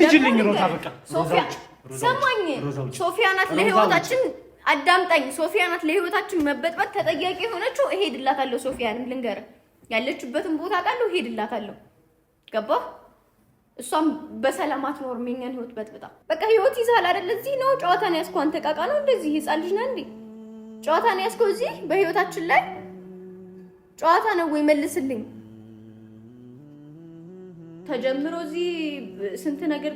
ሂጂልኝ ሮታ በቃ ሰማኝ። ሶፊያ ናት ለህይወታችን አዳምጣኝ። ሶፊያ ናት ለህይወታችን መበጥበጥ ተጠያቂ የሆነችው። እሄድላታለሁ። ሶፊያንም ልንገር ያለችበትን ቦታ ቃለሁ እሄድላታለሁ። ገባህ? እሷም በሰላም አትኖርም። የእኛን ህይወት በጥብጣ በቃ ህይወት ይዛል አይደል? እዚህ ነው ጨዋታ ነው ያዝከው። አንተ ቃቃ ነው እንደዚህ ህፃን ልጅ ነህ እንዴ? ጨዋታ ነው ያዝከው እዚህ በህይወታችን ላይ ጨዋታ ነው ወይ? መልስልኝ። ተጀምሮ እዚህ ስንት ነገር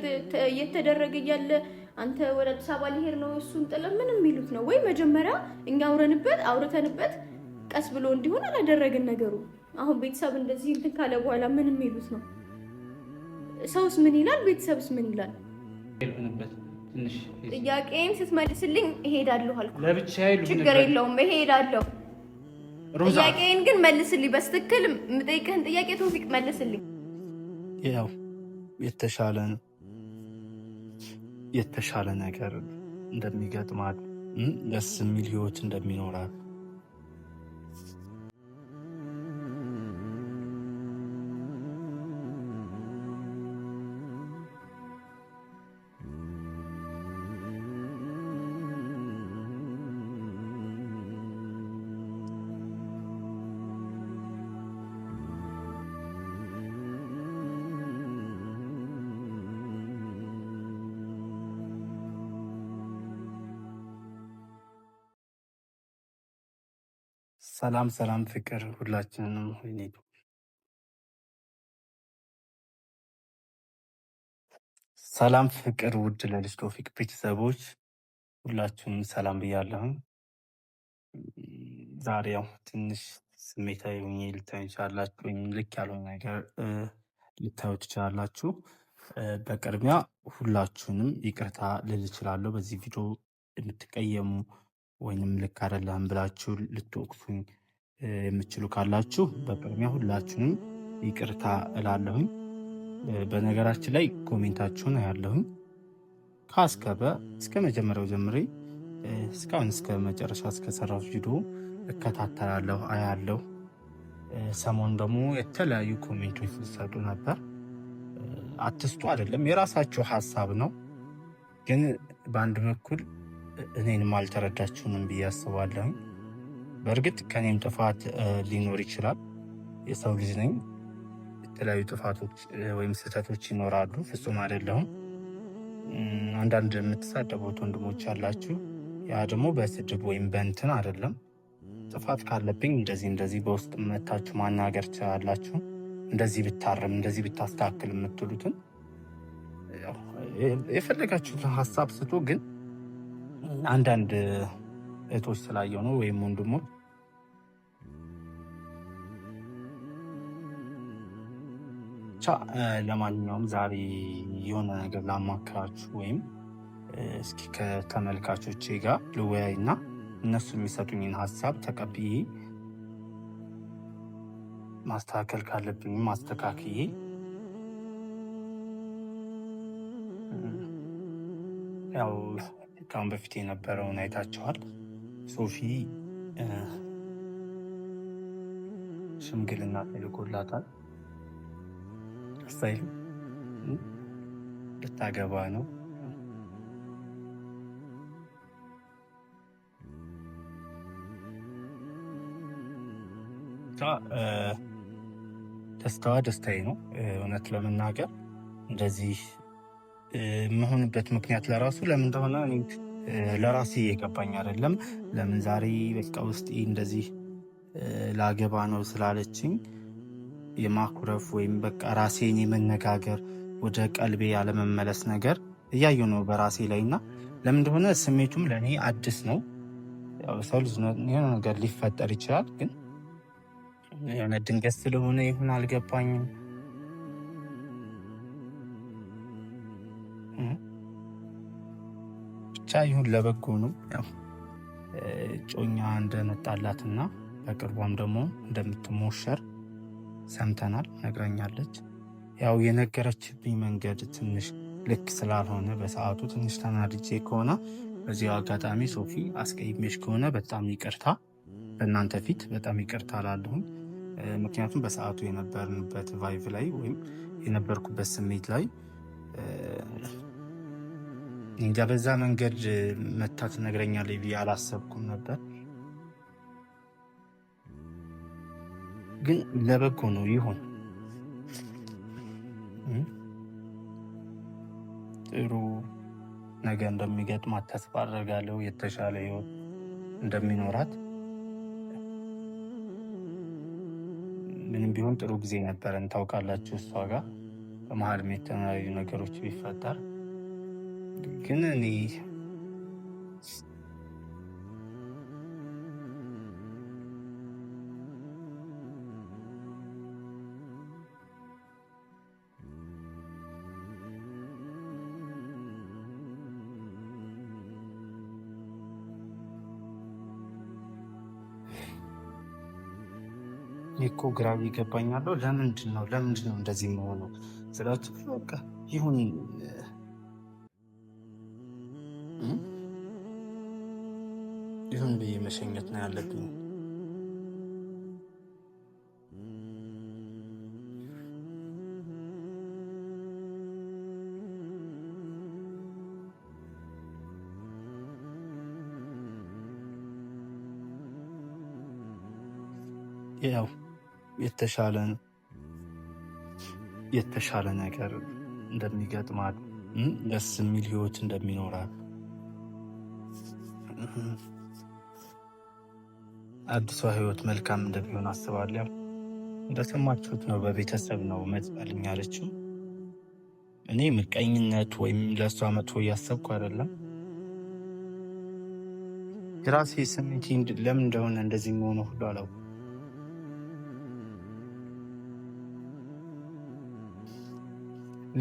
እየተደረገ እያለ አንተ ወደ አዲስ አበባ ሊሄድ ነው እሱን ጥለ ምን የሚሉት ነው? ወይ መጀመሪያ እኛ አውረንበት አውርተንበት ቀስ ብሎ እንዲሆን አላደረግን ነገሩ። አሁን ቤተሰብ እንደዚህ እንትን ካለ በኋላ ምን የሚሉት ነው? ሰውስ ምን ይላል? ቤተሰብስ ምን ይላል? ጥያቄም ስትመልስልኝ እሄዳለሁ አልኩህ። ችግር የለውም እሄዳለሁ። ጥያቄን ግን መልስልኝ በስትክል የምጠይቅህን ጥያቄ ቶፊቅ መልስልኝ። ያው የተሻለ የተሻለ ነገር እንደሚገጥማት ደስ የሚል ህይወት እንደሚኖራት ሰላም ሰላም ፍቅር ሁላችንንም ወይኔ ሰላም ፍቅር ውድ ለልጅ ቶፊቅ ቤተሰቦች ሁላችሁንም ሰላም ብያለሁ። ዛሬ ያው ትንሽ ስሜታዊ ሆኜ ልታዩ ትችላላችሁ፣ ወይም ልክ ያልሆነ ነገር ልታዩ ትችላላችሁ። በቅድሚያ ሁላችሁንም ይቅርታ ልል እችላለሁ። በዚህ ቪዲዮ የምትቀየሙ ወይንም ልክ አይደለም ብላችሁ ልትወቅሱኝ የምችሉ ካላችሁ በቅድሚያ ሁላችሁንም ይቅርታ እላለሁኝ። በነገራችን ላይ ኮሜንታችሁን ያለሁኝ ከአስከበ እስከ መጀመሪያው ጀምሬ እስካሁን እስከ መጨረሻ እስከሰራው ቪዲዮ እከታተላለሁ፣ አያለሁ። ሰሞኑ ደግሞ የተለያዩ ኮሜንቶች ሲሰጡ ነበር። አትስጡ አይደለም የራሳችሁ ሀሳብ ነው፣ ግን በአንድ በኩል እኔንም አልተረዳችሁንም ብዬ አስባለሁኝ። በእርግጥ ከኔም ጥፋት ሊኖር ይችላል። የሰው ልጅ ነኝ። የተለያዩ ጥፋቶች ወይም ስህተቶች ይኖራሉ። ፍጹም አይደለሁም። አንዳንድ የምትሳደቡት ወንድሞች አላችሁ። ያ ደግሞ በስድብ ወይም በእንትን አይደለም። ጥፋት ካለብኝ እንደዚህ እንደዚህ በውስጥ መታችሁ ማናገር ትችላላችሁ። እንደዚህ ብታርም እንደዚህ ብታስተካክል የምትሉትን የፈለጋችሁትን ሀሳብ ስጡ ግን አንዳንድ እህቶች ስላየው ነው ወይም ወንድሞች ብቻ ለማንኛውም ዛሬ የሆነ ነገር ላማክራችሁ ወይም እስኪ ከተመልካቾቼ ጋር ልወያይና እነሱ የሚሰጡኝን ሀሳብ ተቀብዬ ማስተካከል ካለብኝ ማስተካክዬ ያው ከአሁን በፊት የነበረውን አይታችኋል። ሶፊ ሽምግልና ተልኮላታል። ስታይል ልታገባ ነው። ደስታዋ ደስታዬ ነው። እውነት ለመናገር እንደዚህ የምሆንበት ምክንያት ለራሱ ለምን እንደሆነ ለራሴ እየገባኝ አይደለም። ለምን ዛሬ በቃ ውስጤ እንደዚህ ላገባ ነው ስላለችኝ የማኩረፍ ወይም በቃ ራሴን የመነጋገር ወደ ቀልቤ ያለመመለስ ነገር እያዩ ነው በራሴ ላይ እና ለምን እንደሆነ ስሜቱም ለእኔ አዲስ ነው። ሰው ልጅ የሆነ ነገር ሊፈጠር ይችላል፣ ግን የሆነ ድንገት ስለሆነ ይሁን አልገባኝም። ብቻ ይሁን ለበጎ ነው። ያው እንደመጣላትና በቅርቧም ደግሞ እንደምትሞሸር ሰምተናል። ነግረኛለች። ያው የነገረችብኝ መንገድ ትንሽ ልክ ስላልሆነ በሰዓቱ ትንሽ ተናድጄ ከሆነ በዚያው አጋጣሚ ሶፊ አስቀይሜሽ ከሆነ በጣም ይቅርታ፣ በእናንተ ፊት በጣም ይቅርታ አላለሁም። ምክንያቱም በሰዓቱ የነበርንበት ቫይቭ ላይ ወይም የነበርኩበት ስሜት ላይ እንጃ በዛ መንገድ መታ ትነግረኛለች ብዬ አላሰብኩም ነበር። ግን ለበጎ ነው ይሆን? ጥሩ ነገር እንደሚገጥማት ተስፋ አደርጋለሁ። የተሻለ ህይወት እንደሚኖራት ምንም ቢሆን ጥሩ ጊዜ ነበረን ታውቃላችሁ። እሷ ጋር በመሀል የተለያዩ ነገሮች ቢፈጠር ግን እኔ እኮ ግራ ይገባኛል። ለምንድን ነው ለምንድን ነው እንደዚህ መሆኑ ስላችሁ በቃ ይሁን ይሁን ብዬ መሸኘት ነው ያለብኝ። ያው የተሻለ የተሻለ ነገር እንደሚገጥማት ደስ የሚል ህይወት እንደሚኖራት አዲሷ ህይወት መልካም እንደሚሆን አስባለሁ። እንደሰማችሁት ነው፣ በቤተሰብ ነው መጥፋልኝ አለችው። እኔ ምቀኝነት ወይም ለእሷ መጥፎ እያሰብኩ አይደለም። የራሴ ስሜቴ ለምን እንደሆነ እንደዚህ የሚሆነ ሁሉ አለው።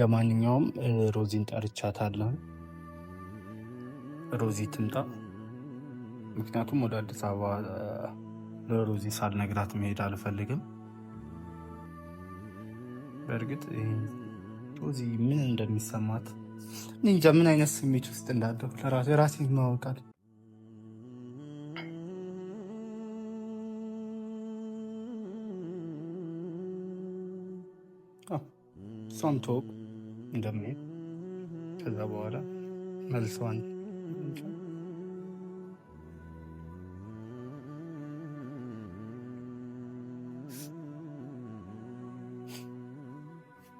ለማንኛውም ሮዚን ጠርቻታለሁ። ሮዚ ትምጣ። ምክንያቱም ወደ አዲስ አበባ ለሮዚ ሳልነግራት መሄድ አልፈልግም። በእርግጥ ሮዚ ምን እንደሚሰማት እንጃ፣ ምን አይነት ስሜት ውስጥ እንዳለሁ ለራሴ ማወቃል። እሷም ተወቅ እንደምሄድ ከዛ በኋላ መልሰዋን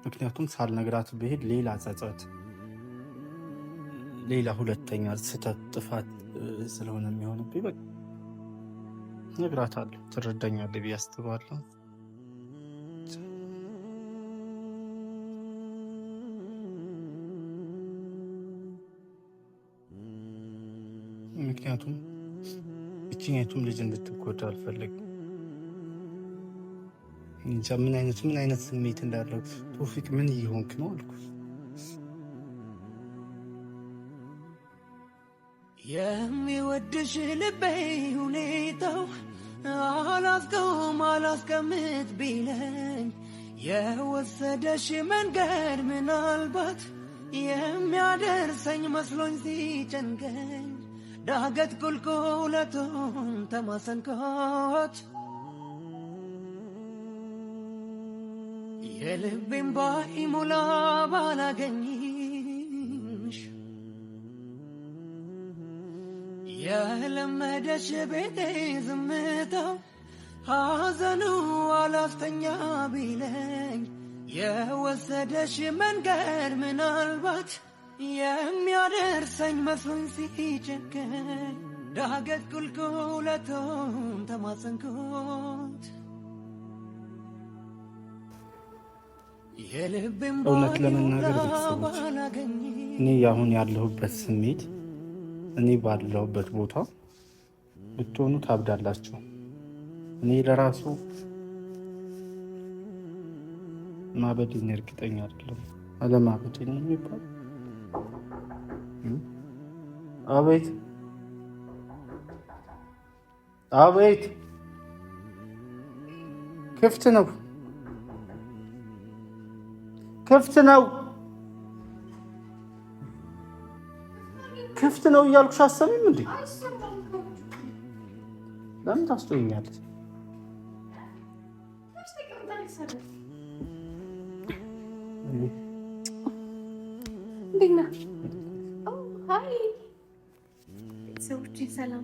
ምክንያቱም ሳልነግራት ብሄድ ሌላ ጸጸት፣ ሌላ ሁለተኛ ስህተት፣ ጥፋት ስለሆነ የሚሆንብኝ በቃ ነግራታለሁ። ትረዳኛለህ ብዬ አስባለሁ። ምክንያቱም እችኛቱም ልጅ እንድትጎዳ አልፈልግም። እንጃ ምን አይነት ምን አይነት ስሜት እንዳለው ቶፊቅ፣ ምን እየሆንክ ነው አልኩ። የሚወድሽ ልቤ ሁኔታው አላስቀውም አላስቀምጥ ቢለኝ የወሰደሽ መንገድ ምናልባት የሚያደርሰኝ መስሎኝ ሲጨንቀኝ ዳገት ቁልቁለቱን ተማሰንከት የልቤን ባይሞላ ባላገኝሽ የለመደች ቤቴ ዝምታው ሐዘኑ አላፍተኛ ቢለኝ የወሰደሽ መንገድ ምናልባት የሚያደርሰኝ መስሎኝ ሲጨንቀኝ ዳገት ቁልቁለቱን ተማጸንኩ። እውነት ለመናገር ቤተሰቦች እኔ አሁን ያለሁበት ስሜት እኔ ባለሁበት ቦታ ብትሆኑ ታብዳላችሁ። እኔ ለራሱ ማበዴን እርግጠኛ አይደለም። አለማበዴ ነው የሚባል አቤት አቤት ክፍት ነው። ክፍት ነው ክፍት ነው እያልኩሽ አሰሚም እንዴ? ለምን ታስቶኛለች? ሰላም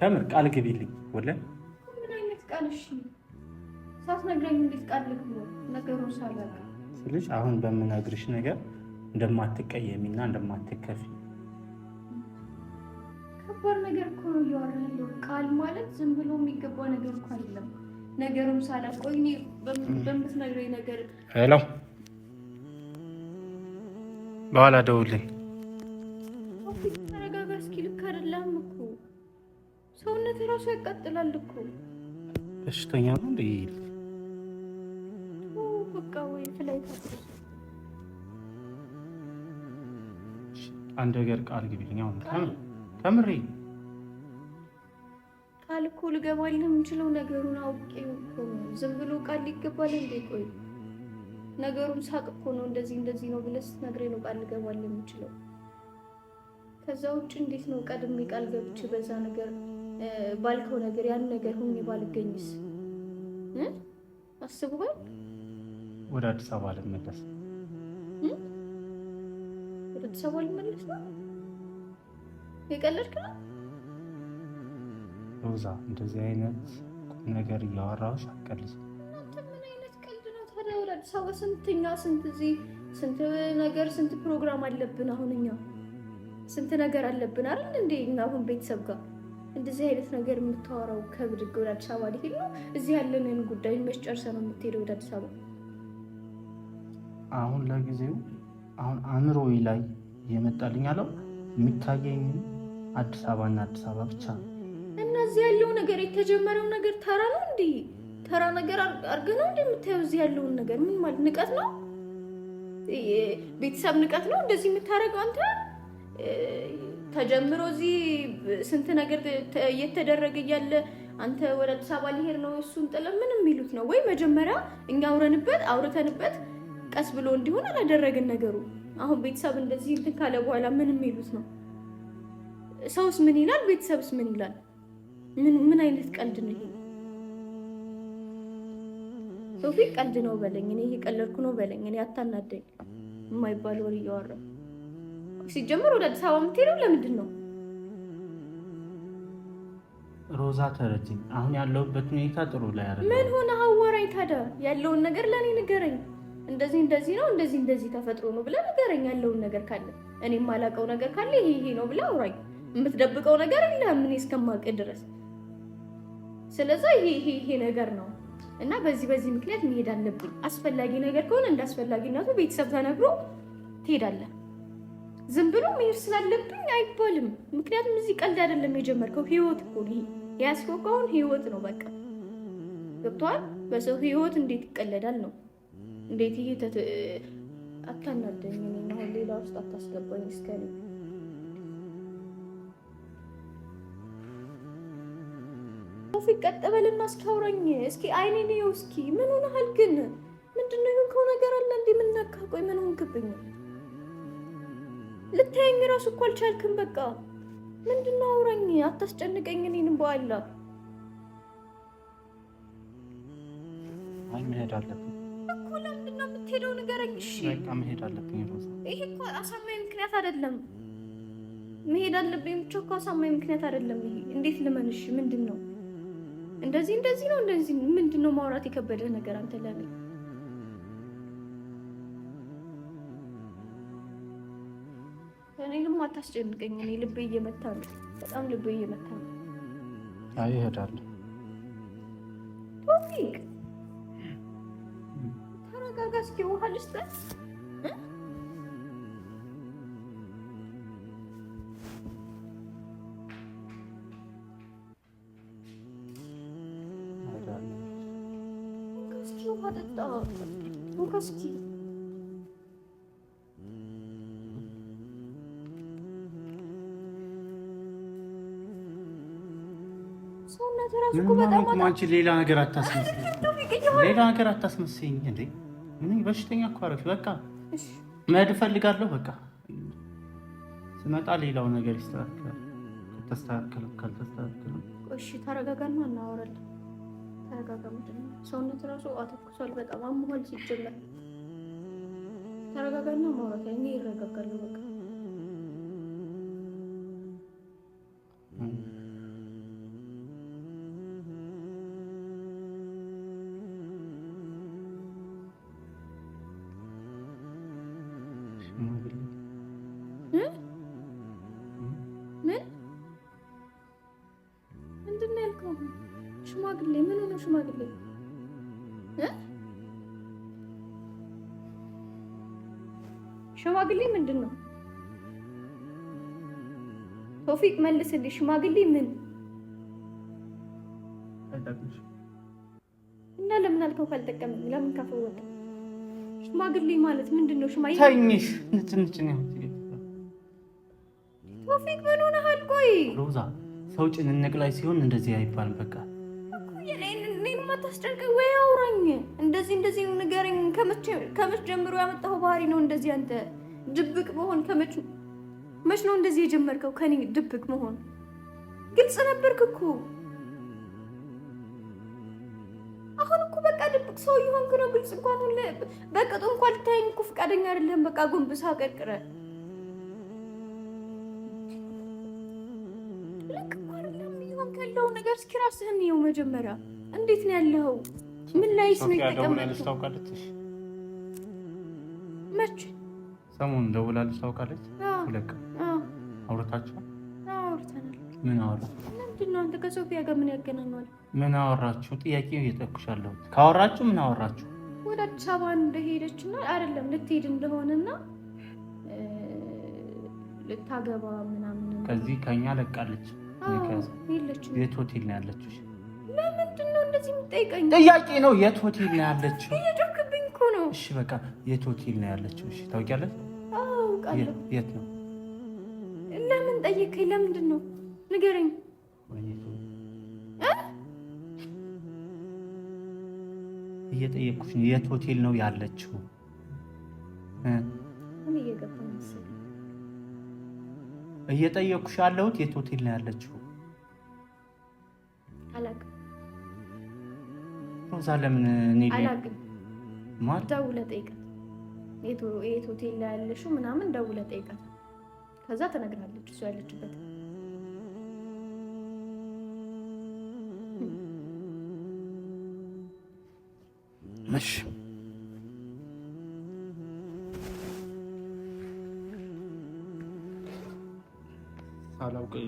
ከምር ቃል ግቢልኝ። ወለ ምን አይነት ቃል? እሺ ሳትነግረኝ እንዴት ቃል ልግቡ? ነገሩን ሳላውቅ ስልሽ አሁን በምነግርሽ ነገር እንደማትቀየሚና እንደማትከፊ ከባድ ነገር እኮ ነው እያወራለሁ። ቃል ማለት ዝም ብሎ የሚገባ ነገር እኮ አይደለም። ነገሩም ሳላውቅ ቆይ በምትነግረኝ ነገር ሄሎ፣ በኋላ ደውልኝ ወተት ራሱ ያቃጥላል እኮ። በሽተኛ ነው እንዴ? በቃ ወይ አንድ ነገር ቃል ግቢልኝ። አሁን ከምሬ ቃል እኮ ልገባልህ የምችለው ነገሩን አውቄ እኮ ዝም ብሎ ቃል ይገባል እንዴ? ቆይ ነገሩን ሳቅ እኮ ነው። እንደዚህ እንደዚህ ነው ብለህ ስትነግረኝ ነው ቃል ልገባልህ የምችለው። ከዛ ውጭ እንዴት ነው ቀድሜ ቃል ገብቼ በዛ ነገር ባልከው ነገር ያን ነገር ሁኜ ባልገኝስ? አስቡሃል። ወደ አዲስ አበባ ልመለስ፣ ወደ አዲስ አበባ ልመለስ ነው። የቀለድክ ነው ሮዛ። እንደዚህ አይነት ቁም ነገር እያወራሁሽ አትቀልጂ። ምን ወደ አዲስ አበባ ስንትኛ ስንት እዚህ ስንት ነገር ስንት ፕሮግራም አለብን። አሁን እኛ ስንት ነገር አለብን አይደል እንዴ? አሁን ቤተሰብ ጋር እንደዚህ አይነት ነገር የምታወራው ከብድግ ወደ አዲስ አበባ ሊሄድ ነው። እዚህ ያለንን ጉዳይ መች ነው የምትሄደው ወደ አዲስ አበባ? አሁን ለጊዜው አሁን አእምሮዬ ላይ የመጣልኝ አለው የሚታየኝ አዲስ አበባ እና አዲስ አበባ ብቻ ነው። እና እዚህ ያለው ነገር የተጀመረው ነገር ተራ ነው እንዴ? ተራ ነገር አርገ ነው የምታየው እዚህ ያለውን ነገር ምን ማለት ንቀት ነው? ቤተሰብ ንቀት ነው እንደዚህ የምታደርገው አንተ ተጀምሮ እዚህ ስንት ነገር እየተደረገ እያለ አንተ ወደ አዲስ አበባ ሊሄድ ነው እሱን ጥለ ምንም የሚሉት ነው ወይ? መጀመሪያ እኛ አውረንበት አውርተንበት ቀስ ብሎ እንዲሆን አላደረግን ነገሩ። አሁን ቤተሰብ እንደዚህ እንትን ካለ በኋላ ምን የሚሉት ነው? ሰውስ ምን ይላል? ቤተሰብስ ምን ይላል? ምን አይነት ቀልድ ነው ይሄ? ቶፊቅ ቀልድ ነው በለኝ። እኔ እየቀለድኩ ነው በለኝ። እኔ አታናደኝ። የማይባል ወሬ እያወራ ሲጀምር ወደ አዲስ አበባ የምትሄደው ለምንድን ነው? ሮዛ ተረጅኝ። አሁን ያለሁበት ሁኔታ ጥሩ ላይ አረ ምን ሆነ? አወራኝ ታዲያ ያለውን ነገር ለእኔ ንገረኝ። እንደዚህ እንደዚህ ነው እንደዚህ እንደዚህ ተፈጥሮ ነው ብለህ ንገረኝ። ያለውን ነገር ካለ እኔ የማላውቀው ነገር ካለ ይሄ ይሄ ነው ብለህ አውራኝ። የምትደብቀው ነገር የለም እኔ እስከማውቅ ድረስ። ስለዛ ይሄ ይሄ ይሄ ነገር ነው እና በዚህ በዚህ ምክንያት መሄድ አለብኝ። አስፈላጊ ነገር ከሆነ እንዳስፈላጊነቱ ቤተሰብ ተነግሮ ትሄዳለህ። ዝም ብሎ መሄድ ስላለብኝ አይባልም። ምክንያቱም እዚህ ቀልድ አይደለም የጀመርከው፣ ህይወት እኮ ይሄ ያስቆቀውን ህይወት ነው። በቃ ገብቶሃል። በሰው ህይወት እንዴት ይቀለዳል ነው እንዴት? ይሄ ተ አታናደኝ። አሁን ሌላ ውስጥ አታስገባኝ እስከ ፊት ቀጥ በልና እስኪ አውራኝ እስኪ አይኔን ይኸው እስኪ ምን ሆነሃል ግን? ምንድነው ነው የሆንከው ነገር አለ እንዴ? ምን ነካ? ቆይ ምን ሆንክብኝ? ልታየኝ ራሱ እኮ አልቻልክም። በቃ ምንድነው? አውራኝ፣ አታስጨንቀኝ። እኔንም በኋላ አይ መሄድ አለብኝ እኮ። ለምንድን ነው የምትሄደው? ንገረኝ። እሺ በቃ መሄድ አለብኝ ይሄ እኮ አሳማኝ ምክንያት አይደለም። መሄድ አለብኝ ብቻ እኮ አሳማኝ ምክንያት አይደለም። ይሄ እንዴት ልመንሽ? ምንድን ነው እንደዚህ እንደዚህ ነው እንደዚህ ምንድን ነው ማውራት የከበደ ነገር አንተ ለምን እኔንም አታስጨንቀኝ። እኔ ልቤ እየመታ ነው፣ በጣም ልቤ እየመታ ነው። አይ እሄዳለሁ። ቶፊቅ ተረጋጋ እስኪ፣ ውሃ ልስጠት። ውሃ ጠጣ እስኪ አንቺ ሌላ ነገር አታስመስኝ፣ ሌላ ነገር አታስመስኝ። እንዴ ምን በሽተኛ እኮ አደረግሽ። በቃ መሄድ እፈልጋለሁ። በቃ ስመጣ ሌላው ነገር ይስተካከላል። ተስተካከለም ካልተስተካከለም፣ እሺ ተረጋጋና እናወራለን። ተረጋጋ። ምንድን ነው ሰውነት ራሱ አተኩሷል። በጣም አሞሃል ሲጀመር። ተረጋጋና ማውራት እኔ ይረጋጋለሁ። በቃ ሽማግሌ ምንድን ነው? ቶፊቅ መልስልኝ። ሽማግሌ ምን እና ለምን አልከው? ካልጠቀመኝ ለምን ካፈ ወጣ? ሽማግሌ ማለት ምንድን ነው? ሽማይ ታኝሽ ንጭንጭ ነው። ቶፊቅ ምን ሆነሃል? ቆይ ሮዛ፣ ሰው ጭንንቅ ላይ ሲሆን እንደዚህ አይባልም። በቃ አታስጨንቀኝ ወይ አውራኝ። እንደዚህ እንደዚህ ንገረኝ። ከመች ጀምሮ ያመጣው ባህሪ ነው እንደዚህ? አንተ ድብቅ መሆን ከመች መች ነው እንደዚህ የጀመርከው? ከኔ ድብቅ መሆን ግልጽ ነበርክ እኮ። አሁን እኮ በቃ ድብቅ ሰው የሆንክ ነው። ግልጽ እንኳን ሁሌ በቅጡ እንኳን ልታየኝ እኮ ፈቃደኛ አይደለም። በቃ ጎንብሳ ቀርቅረ ልክ እኮ አይደለም ያለው ነገር። እስኪ ራስህን የው መጀመሪያ እንዴት ነው ያለው? ምን ላይ ነው የተቀመጠው? ታውቃለች። መቼ ሰሞኑን ደውላለች። ታውቃለች። አውርታችሁ አውርተናል። ምን አወራ? ምንድን ነው አንተ ከሶፊያ ጋር ምን ያገናኘዋል? ምን አወራችሁ? ጥያቄ እየጠኩሻለሁ። ካወራችሁ ምን አወራችሁ? ወደ አዲስ አበባ እንደሄደች እና አይደለም ልትሄድ እንደሆነና ልታገባ ምናምን ከዚህ ከኛ ለቃለች። የት ሆቴል ነው ያለችው? ለምንድን ነው እንደዚህ የምጠይቀኝ? ጥያቄ ነው። የት ሆቴል ነው ያለችው? እየጮህክብኝ እኮ ነው። እሺ በቃ የት ሆቴል ነው ያለችው? እሺ ታውቂያለሽ? አውቃለሁ። የት ነው? ለምን ጠየቀኝ? ለምንድን ነው ንገረኝ። እየጠየቅኩሽ ነው። የት ሆቴል ነው ያለችው? እየጠየቅኩሽ ያለሁት የት ሆቴል ነው ያለችው? አላውቅም ሮዛ ለምን እኔ ደውለህ ጠይቃት። የት ሆቴል ላይ ያለሽው ምናምን ደውለህ ጠይቃት። ከዛ ተነግራለች እሱ ያለችበት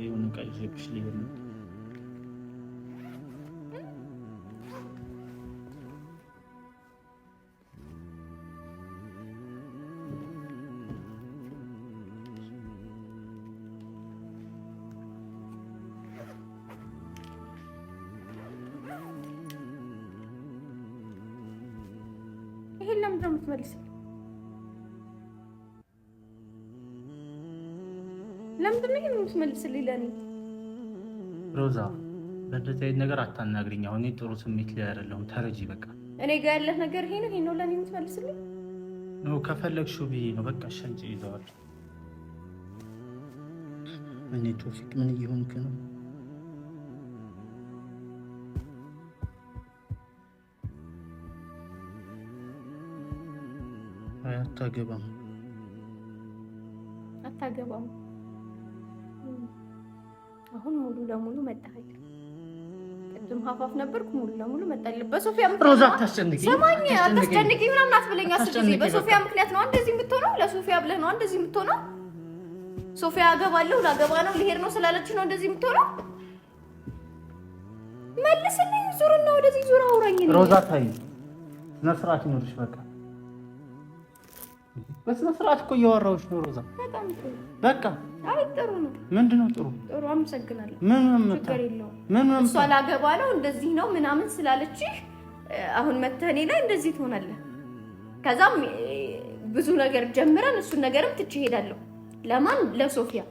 የሆነ ቀይ ሄብሽ ሊሆን የምትመልስልኝ ለእኔ? ሮዛ በእንደዚህ አይነት ነገር አታናግሪኝ። አሁን ጥሩ ስሜት ላይ አይደለሁም። ተረጂ በቃ። እኔ ጋር ያለህ ነገር ይሄ ነው። ይሄ ነው ለእኔ የምትመልስልኝ? ከፈለግሽው ብዬ ነው። በቃ ሸንጭ ይዘዋል። እኔ ቶፊቅ፣ ምን እየሆንክ ነው? አታገባም አታገባም አሁን ሙሉ ለሙሉ መጣኸኝ። ቅድም ሀፋፍ ነበርኩ፣ ሙሉ ለሙሉ መጣል። በሶፊያ ሮዛ አታስጨንቂ፣ ሰማኝ፣ አታስጨንቂ ምናምን አትበለኝ። ስለዚህ ጊዜ በሶፊያ ምክንያት ነው እንደዚህ የምትሆነው። ለሶፊያ ብለህ ነው እንደዚህ የምትሆነው። ሶፊያ አገባለሁ ላገባ ነው ልሄድ ነው ስላለች ነው እንደዚህ የምትሆነው። መልስልኝ፣ ዙርና ወደዚህ ዙር አውራኝ። ሮዛ ታይ ስነ ስርዓት ይኖርሽ። በቃ በስነ ስርዓት እኮ እያወራሁሽ ነው ሮዛ በቃ አይ ጥሩ ነው። ምንድን ነው ጥሩ? ጥሩ አመሰግናለሁ። ምን እሷ ላገባ ነው እንደዚህ ነው ምናምን ስላለችህ አሁን መተህ እኔ ላይ እንደዚህ ትሆናለህ። ከዛም ብዙ ነገር ጀምረን እሱን ነገርም ትቼ እሄዳለሁ። ለማን ለሶፊያ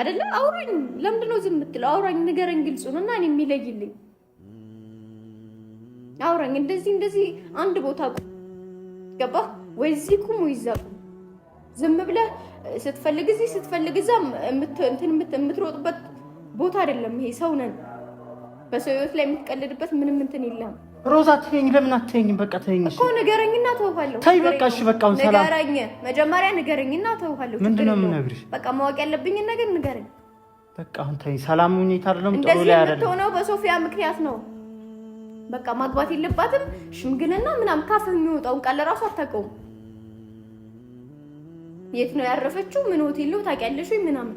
አይደለም። አውራኝ ለምንድን ነው ዝም የምትለው? አውራኝ፣ ንገረኝ፣ ግልጽ ነውና እኔ የሚለይልኝ አውራኝ። እንደዚህ እንደዚህ አንድ ቦታ ገባ ወይ? እዚህ ቁም ወይ ዝም ብለህ ስትፈልግ እዚህ ስትፈልግ እዛ የምትሮጥበት ቦታ አይደለም ይሄ። ሰው ነን። በሰው ህይወት ላይ የምትቀልድበት ምንም እንትን የለም። ሮዛ ትኝ ለምን አትይኝም? በቃ ተይኝ እኮ ንገረኝና ተውሃለሁ። ተይ በቃ እሺ፣ በቃ ሰላም ንገረኝ። መጀመሪያ ንገረኝና ተውሃለሁ። ምንድን ነው የምነግርሽ? በቃ ማወቅ ያለብኝን ነገር ንገረኝ። በቃ አሁን ተይኝ፣ ሰላም ሁኔታ አይደለም ጥሩ ላይ አይደለም። እንደዚህ የምትሆነው በሶፊያ ምክንያት ነው። በቃ ማግባት የለባትም ሽምግልና ምናምን ካፍ የሚወጣውን ቃል ራሱ አታውቀውም። የት ነው ያረፈችው? ምን ሆቴል ነው ታውቂያለሽ ወይ ምናምን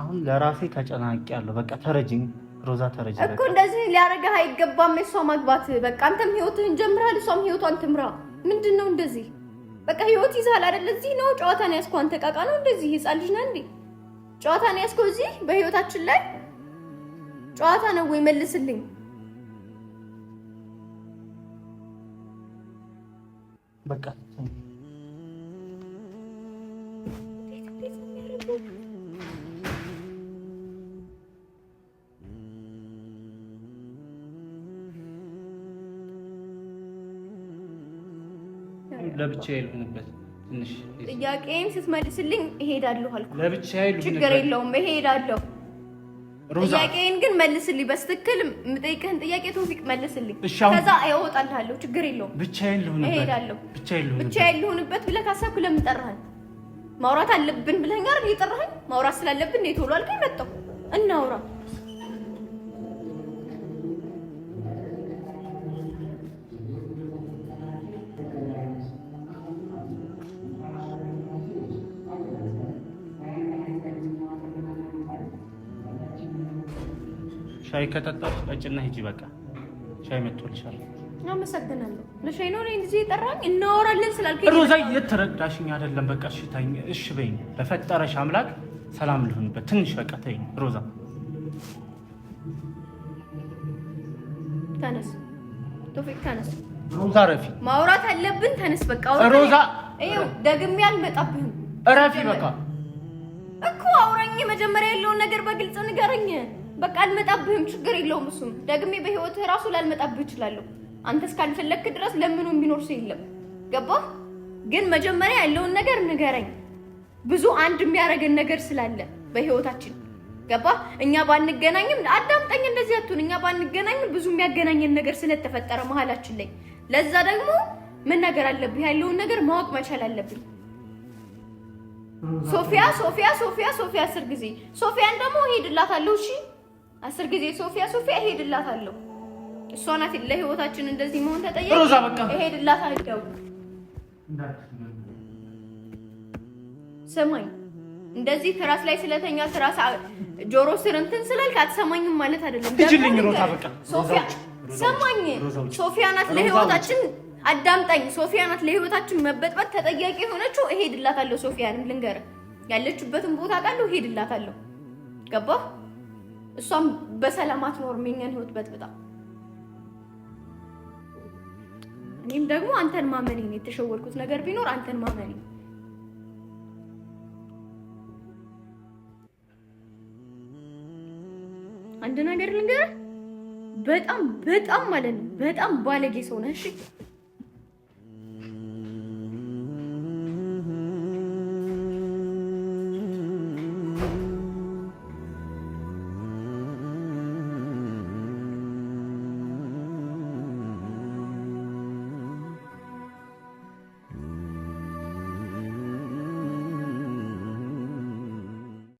አሁን ለራሴ ተጨናቂ ያለው በቃ ተረጅኝ ሮዛ ተረጅ እኮ እንደዚህ ሊያደርግህ አይገባም። እሷ ማግባት በቃ አንተም ህይወትህን ጀምራል፣ እሷም ህይወቷን ትምራ። ምንድን ነው እንደዚህ በቃ ህይወት ይዛል አይደል? እዚህ ነው ጨዋታ ነው ያስኳን ተቃቃ ነው እንደዚህ ህፃን ልጅ ነህ እንዴ? ጨዋታ ነው ያስኮ እዚህ በህይወታችን ላይ ጨዋታ ነው ወይ? መልስልኝ። በቃ ለብቻ የልብንበት ጥያቄም ስትመልስልኝ እሄዳለሁ አልኩህ። ችግር የለውም እሄዳለሁ። ጥያቄን ግን መልስልኝ በስትክል የምጠይቅህን ጥያቄ ቶፊቅ መልስልኝ። ከዛ እወጣልሃለሁ። ችግር የለውም እሄዳለሁ። ብቻዬን ልሁንበት ብለህ ለምን ጠራኸኝ? ማውራት አለብን ብለኸኝ አይደል ማውራት ስላለብን ቶሎ አልከኝ መጣሁ። እናውራ ሻይ ከጠጣሽ ቀጭና ሂጂ። በቃ ሻይ መጥቶልሻል። አመሰግናለሁ። ለሻይ ነው እኔ እዚህ የጠራኝ እናወራለን ስላልከኝ ሮዛ፣ የተረዳሽኝ አይደለም። በቃ እሺ ተይኝ፣ እሺ በይኝ። ለፈጠረሽ አምላክ ሰላም ልሁንበት ትንሽ። በቃ ተይኝ ሮዛ። ተነስ ቶፊቅ፣ ተነስ ሮዛ። ረፊ ማውራት አለብን። ተነስ በቃ ሮዛ። ይኸው ደግሜ አልመጣብህም። ረፊ በቃ እኮ አውራኝ። መጀመሪያ ያለውን ነገር በግልጽ ንገረኝ። በቃ አልመጣብህም፣ ችግር የለውም። እሱም ደግሜ በህይወትህ ራሱ ላልመጣብህ እችላለሁ። አንተ እስካልፈለግክ ድረስ ለምኑ የሚኖር ሰው የለም። ገባ ግን መጀመሪያ ያለውን ነገር ንገረኝ። ብዙ አንድ የሚያደርገን ነገር ስላለ በህይወታችን ገባ እኛ ባንገናኝም፣ አዳምጠኝ፣ እንደዚህ አትሁን። እኛ ባንገናኝም ብዙ የሚያገናኘን ነገር ስለተፈጠረ መሀላችን ላይ ለዛ ደግሞ ምን ነገር አለብህ? ያለውን ነገር ማወቅ መቻል አለብኝ። ሶፊያ ሶፊያ ሶፊያ ሶፊያ አስር ጊዜ ሶፊያን ደግሞ ሄድላታለሁ። እሺ አስር ጊዜ ሶፊያ ሶፊያ እሄድላታለሁ። እሷ ናት ለህይወታችን እንደዚህ መሆን ተጠየቀ። ሮዛ በቃ እሄድላታለሁ። ስማኝ፣ እንደዚህ ትራስ ላይ ስለተኛ ትራስ ጆሮ ስር እንትን ስላልክ አትሰማኝም ማለት አይደለም። እጅልኝ ሮዛ በቃ ሶፊያ፣ ሰማኝ። ሶፊያ ናት ለህይወታችን አዳምጣኝ። ሶፊያ ናት ለህይወታችን መበጥበጥ ተጠያቂ የሆነችው። እሄድላታለሁ። ሶፊያንም ልንገርህ ያለችበትን ቦታ ቃለሁ። እሄድላታለሁ። ገባህ? እሷም በሰላም አትኖርም። የእኛን ህይወት በጥብጣ እኔም ደግሞ አንተን ማመኔ ነው የተሸወድኩት። ነገር ቢኖር አንተን ማመኔ አንድ ነገር ልንገርህ፣ በጣም በጣም ማለት ነው በጣም ባለጌ ሰው ነህ። እሺ